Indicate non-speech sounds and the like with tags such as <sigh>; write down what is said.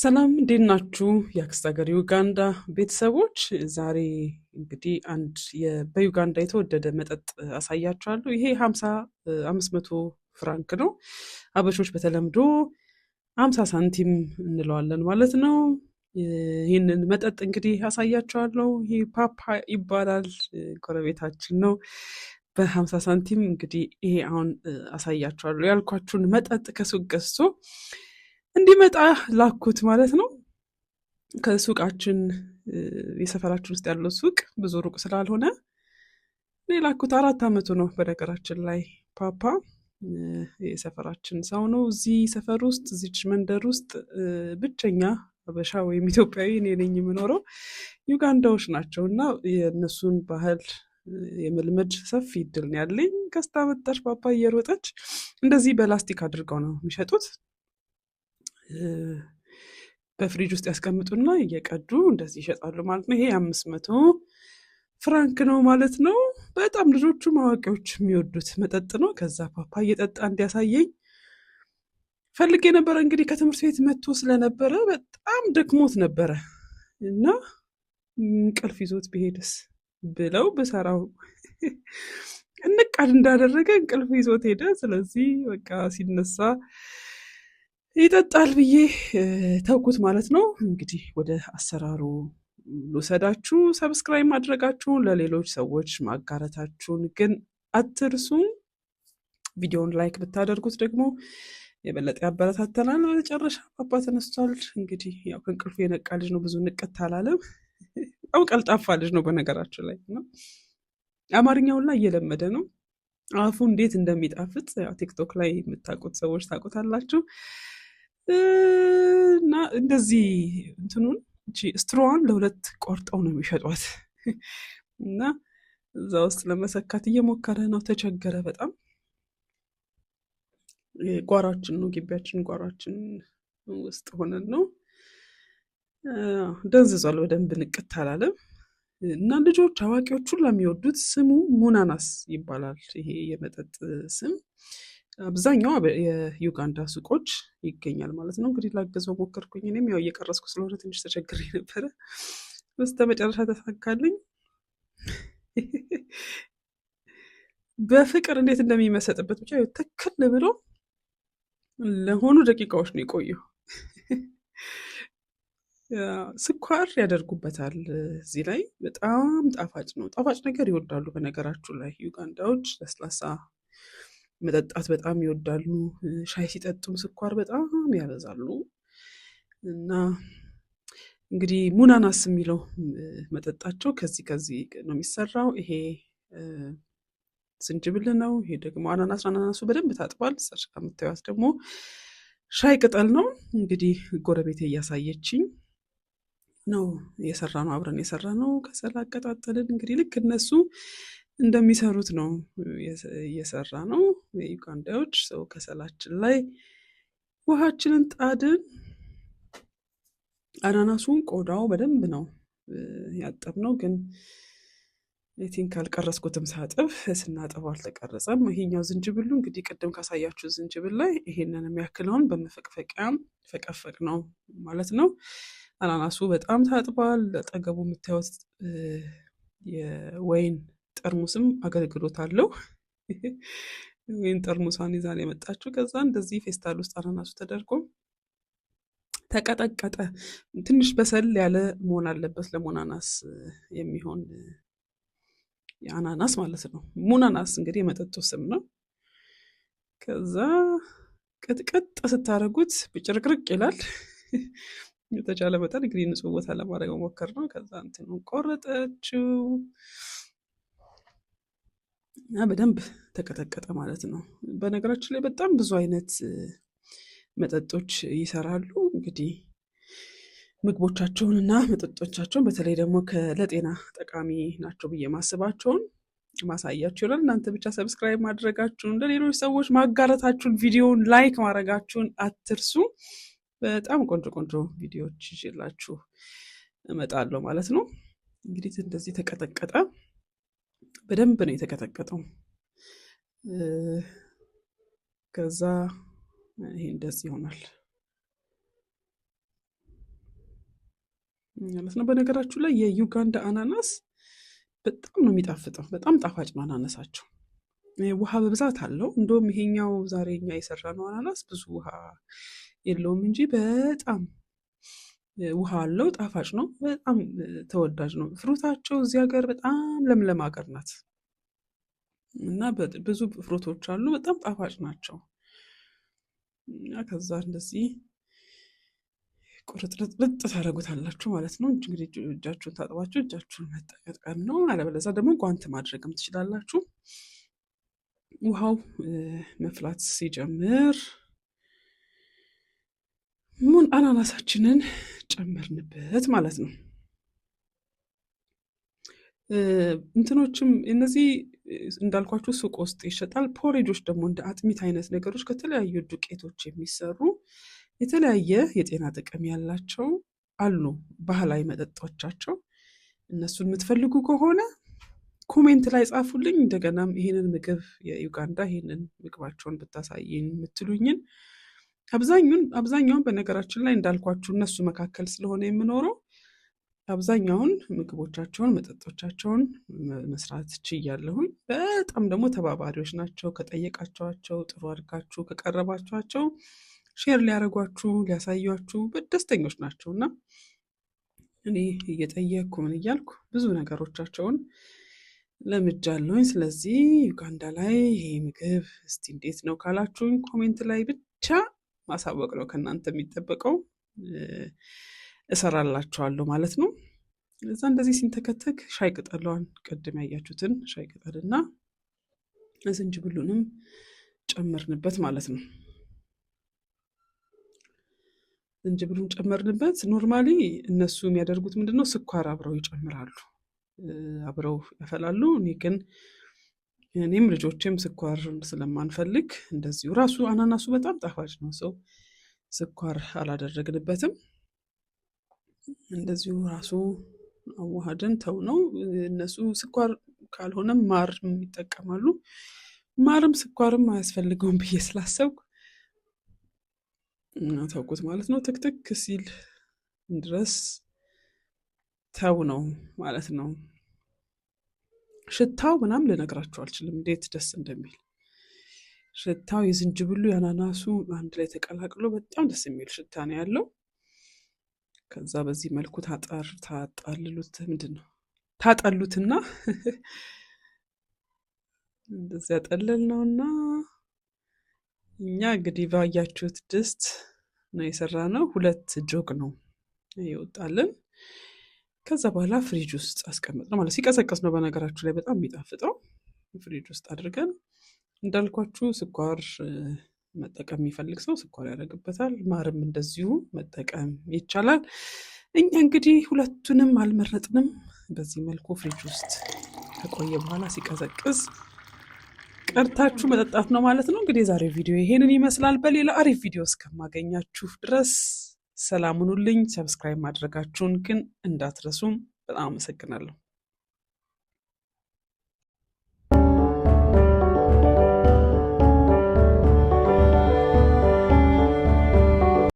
ሰላም እንዴት ናችሁ? የአክስት ሀገር ዩጋንዳ ቤተሰቦች፣ ዛሬ እንግዲህ አንድ በዩጋንዳ የተወደደ መጠጥ አሳያችኋለሁ። ይሄ ሀምሳ አምስት መቶ ፍራንክ ነው። አበሾች በተለምዶ ሀምሳ ሳንቲም እንለዋለን ማለት ነው። ይህንን መጠጥ እንግዲህ አሳያችኋለሁ። ይህ ፓፓ ይባላል፣ ጎረቤታችን ነው። በሀምሳ ሳንቲም እንግዲህ ይሄ አሁን አሳያችኋለሁ ያልኳችሁን መጠጥ ከሱቅ ገዝቶ እንዲመጣ ላኩት ማለት ነው። ከሱቃችን የሰፈራችን ውስጥ ያለው ሱቅ ብዙ ሩቅ ስላልሆነ እኔ ላኩት። አራት ዓመቱ ነው በነገራችን ላይ ፓፓ የሰፈራችን ሰው ነው። እዚህ ሰፈር ውስጥ እዚች መንደር ውስጥ ብቸኛ ሀበሻ ወይም ኢትዮጵያዊ እኔ ነኝ የምኖረው። ዩጋንዳዎች ናቸው እና የእነሱን ባህል የመልመድ ሰፊ እድል ነው ያለኝ። ከስታ መጣች ፓፓ እየሮጠች እንደዚህ በላስቲክ አድርገው ነው የሚሸጡት። በፍሪጅ ውስጥ ያስቀምጡና እየቀዱ እንደዚህ ይሸጣሉ ማለት ነው። ይሄ አምስት መቶ ፍራንክ ነው ማለት ነው። በጣም ልጆቹ ማዋቂዎች የሚወዱት መጠጥ ነው። ከዛ ፓፓ እየጠጣ እንዲያሳየኝ ፈልጌ ነበረ። እንግዲህ ከትምህርት ቤት መጥቶ ስለነበረ በጣም ደክሞት ነበረ እና እንቅልፍ ይዞት ብሄድስ ብለው ብሰራው <laughs> እንቃድ እንዳደረገ እንቅልፍ ይዞት ሄደ። ስለዚህ በቃ ሲነሳ ይጠጣል ብዬ ተውኩት ማለት ነው። እንግዲህ ወደ አሰራሩ ልውሰዳችሁ። ሰብስክራይብ ማድረጋችሁን ለሌሎች ሰዎች ማጋረታችሁን ግን አትርሱ። ቪዲዮውን ላይክ ብታደርጉት ደግሞ የበለጠ ያበረታተናል። በመጨረሻ አባ ተነስቷል። እንግዲህ ያው ከእንቅልፉ የነቃ ልጅ ነው። ብዙ ንቅት አላለም። በጣም ቀልጣፋ ልጅ ነው በነገራችን ላይ ነው። አማርኛውን ላይ እየለመደ ነው። አፉ እንዴት እንደሚጣፍጥ ቲክቶክ ላይ የምታውቁት ሰዎች ታውቁታላችሁ። እና እንደዚህ እንትኑን እቺ ስትሮዋን ለሁለት ቆርጠው ነው የሚሸጧት <laughs> እና እዛ ውስጥ ለመሰካት እየሞከረ ነው። ተቸገረ በጣም ጓሯችን ነው ግቢያችን፣ ጓሯችን ውስጥ ሆነን ነው ደንዝዟል። በደንብ ንቅት አላለም እና ልጆች፣ አዋቂዎች ሁላ የሚወዱት ስሙ ሙናናስ ይባላል። ይሄ የመጠጥ ስም አብዛኛው የዩጋንዳ ሱቆች ይገኛል ማለት ነው። እንግዲህ ላገዘው ሞከርኩኝ። እኔም ያው እየቀረስኩ ስለሆነ ትንሽ ተቸግር ነበረ። በስተ መጨረሻ ተሳካልኝ። በፍቅር እንዴት እንደሚመሰጥበት ብቻ ትክል ብሎ ለሆኑ ደቂቃዎች ነው የቆየው። ስኳር ያደርጉበታል እዚህ ላይ በጣም ጣፋጭ ነው። ጣፋጭ ነገር ይወዳሉ። በነገራችሁ ላይ ዩጋንዳዎች ለስላሳ መጠጣት በጣም ይወዳሉ። ሻይ ሲጠጡም ስኳር በጣም ያበዛሉ እና እንግዲህ ሙናናስ የሚለው መጠጣቸው ከዚህ ከዚህ ነው የሚሰራው። ይሄ ዝንጅብል ነው። ይሄ ደግሞ አናናስ። አናናሱ በደንብ ታጥቧል። ሰርች ከምታዩት ደግሞ ሻይ ቅጠል ነው። እንግዲህ ጎረቤቴ እያሳየችኝ ነው የሰራ ነው አብረን የሰራ ነው። ከሰላ አቀጣጠልን እንግዲህ ልክ እነሱ እንደሚሰሩት ነው እየሰራ ነው። የዩጋንዳዎች ሰው ከሰላችን ላይ ውሃችንን ጣድን። አናናሱን ቆዳው በደንብ ነው ያጠብ ነው ግን ቲንክ አልቀረስኩትም። ሳጥብ ስናጠበው አልተቀረጸም። ይሄኛው ዝንጅብሉ እንግዲህ ቅድም ካሳያችሁ ዝንጅብል ላይ ይሄንን የሚያክለውን በመፈቅፈቂያ ፈቀፈቅ ነው ማለት ነው። አናናሱ በጣም ታጥቧል። ጠገቡ የምታዩት የወይን ጠርሙስም አገልግሎት አለው። ይህን ጠርሙሷን ይዛን የመጣችው ከዛ እንደዚህ ፌስታል ውስጥ አናናሱ ተደርጎ ተቀጠቀጠ። ትንሽ በሰል ያለ መሆን አለበት ለሞናናስ የሚሆን የአናናስ ማለት ነው። ሞናናስ እንግዲህ የመጠጡ ስም ነው። ከዛ ቅጥቅጥ ስታደርጉት ብጭርቅርቅ ይላል። የተቻለ መጠን እንግዲህ ንጹህ ቦታ ለማድረግ መሞከር ነው። ከዛ እንትኑን ቆረጠችው። እና በደንብ ተቀጠቀጠ ማለት ነው። በነገራችን ላይ በጣም ብዙ አይነት መጠጦች ይሰራሉ። እንግዲህ ምግቦቻቸውን እና መጠጦቻቸውን በተለይ ደግሞ ለጤና ጠቃሚ ናቸው ብዬ ማስባቸውን ማሳያችሁ ይሆናል። እናንተ ብቻ ሰብስክራይብ ማድረጋችሁን እንደ ሌሎች ሰዎች ማጋረታችሁን፣ ቪዲዮን ላይክ ማድረጋችሁን አትርሱ። በጣም ቆንጆ ቆንጆ ቪዲዮዎች ይችላችሁ እመጣለሁ ማለት ነው። እንግዲህ እንደዚህ ተቀጠቀጠ። በደንብ ነው የተቀጠቀጠው። ከዛ ይሄ እንደዚህ ይሆናል ማለት ነው። በነገራችሁ ላይ የዩጋንዳ አናናስ በጣም ነው የሚጣፍጠው። በጣም ጣፋጭ ነው አናናሳቸው። ውሃ በብዛት አለው። እንደውም ይሄኛው ዛሬኛ የሰራ ነው አናናስ ብዙ ውሃ የለውም እንጂ በጣም ውሃ አለው፣ ጣፋጭ ነው፣ በጣም ተወዳጅ ነው። ፍሩታቸው እዚህ ሀገር በጣም ለምለም ሀገር ናት እና ብዙ ፍሩቶች አሉ፣ በጣም ጣፋጭ ናቸው። እና ከዛ እንደዚህ ቁርጥርጥርጥ ታደርጉታላችሁ ማለት ነው። እንግዲህ እጃችሁን ታጥባችሁ እጃችሁን መጠቀም ነው። አለበለዛ ደግሞ ጓንት ማድረግም ትችላላችሁ። ውሃው መፍላት ሲጀምር ሙን አናናሳችንን ጨመርንበት ማለት ነው። እንትኖችም እነዚህ እንዳልኳችሁ ሱቅ ውስጥ ይሸጣል። ፖሬጆች ደግሞ እንደ አጥሚት አይነት ነገሮች ከተለያዩ ዱቄቶች የሚሰሩ የተለያየ የጤና ጥቅም ያላቸው አሉ። ባህላዊ መጠጦቻቸው እነሱን የምትፈልጉ ከሆነ ኮሜንት ላይ ጻፉልኝ። እንደገናም ይህንን ምግብ የዩጋንዳ ይህንን ምግባቸውን ብታሳይኝ የምትሉኝን አብዛኛውን በነገራችን ላይ እንዳልኳችሁ እነሱ መካከል ስለሆነ የምኖረው አብዛኛውን ምግቦቻቸውን መጠጦቻቸውን መስራት ችያለሁኝ። በጣም ደግሞ ተባባሪዎች ናቸው። ከጠየቃቸኋቸው ጥሩ አድርጋችሁ ከቀረባቸዋቸው ሼር ሊያደረጓችሁ ሊያሳያችሁ ደስተኞች ናቸው እና እኔ እየጠየቅኩ ምን እያልኩ ብዙ ነገሮቻቸውን ለምጃለሁኝ። ስለዚህ ዩጋንዳ ላይ ይሄ ምግብ እስቲ እንዴት ነው ካላችሁኝ ኮሜንት ላይ ብቻ ማሳወቅ ነው ከእናንተ የሚጠበቀው። እሰራላችኋለሁ ማለት ነው። እዛ እንደዚህ ሲንተከተክ ሻይ ቅጠሏን ቅድም ያያችሁትን ሻይ ቅጠል እና ዝንጅብሉንም ጨመርንበት ማለት ነው። ዝንጅብሉን ጨመርንበት። ኖርማሊ እነሱ የሚያደርጉት ምንድነው ስኳር አብረው ይጨምራሉ፣ አብረው ያፈላሉ። እኔ ግን እኔም ልጆቼም ስኳር ስለማንፈልግ እንደዚሁ ራሱ አናናሱ በጣም ጣፋጭ ነው። ሰው ስኳር አላደረግንበትም። እንደዚሁ ራሱ አዋሃደን ተው ነው። እነሱ ስኳር ካልሆነም ማር ይጠቀማሉ። ማርም ስኳርም አያስፈልገውም ብዬ ስላሰብኩ ተውኩት ማለት ነው። ትክትክ ሲል ድረስ ተው ነው ማለት ነው። ሽታው ምናምን ልነግራቸው አልችልም እንዴት ደስ እንደሚል ሽታው የዝንጅብሉ የአናናሱ አንድ ላይ ተቀላቅሎ በጣም ደስ የሚል ሽታ ነው ያለው። ከዛ በዚህ መልኩ ታጠር ታጣልሉት ምንድን ነው ታጠሉትና <laughs> እንደዚህ ያጠለል ነው እና እኛ እንግዲህ ባያችሁት ድስት ነው የሰራ ነው። ሁለት ጆግ ነው ይወጣልን ከዛ በኋላ ፍሪጅ ውስጥ አስቀምጥ ነው ማለት ሲቀሰቀስ ነው። በነገራችሁ ላይ በጣም የሚጣፍጠው ፍሪጅ ውስጥ አድርገን እንዳልኳችሁ ስኳር መጠቀም የሚፈልግ ሰው ስኳር ያደርግበታል። ማርም እንደዚሁ መጠቀም ይቻላል። እኛ እንግዲህ ሁለቱንም አልመረጥንም። በዚህ መልኩ ፍሪጅ ውስጥ ከቆየ በኋላ ሲቀዘቅዝ ቀድታችሁ መጠጣት ነው ማለት ነው። እንግዲህ የዛሬው ቪዲዮ ይሄንን ይመስላል። በሌላ አሪፍ ቪዲዮ እስከማገኛችሁ ድረስ ሰላም ሁኑልኝ። ሰብስክራይብ ማድረጋችሁን ግን እንዳትረሱም። በጣም አመሰግናለሁ።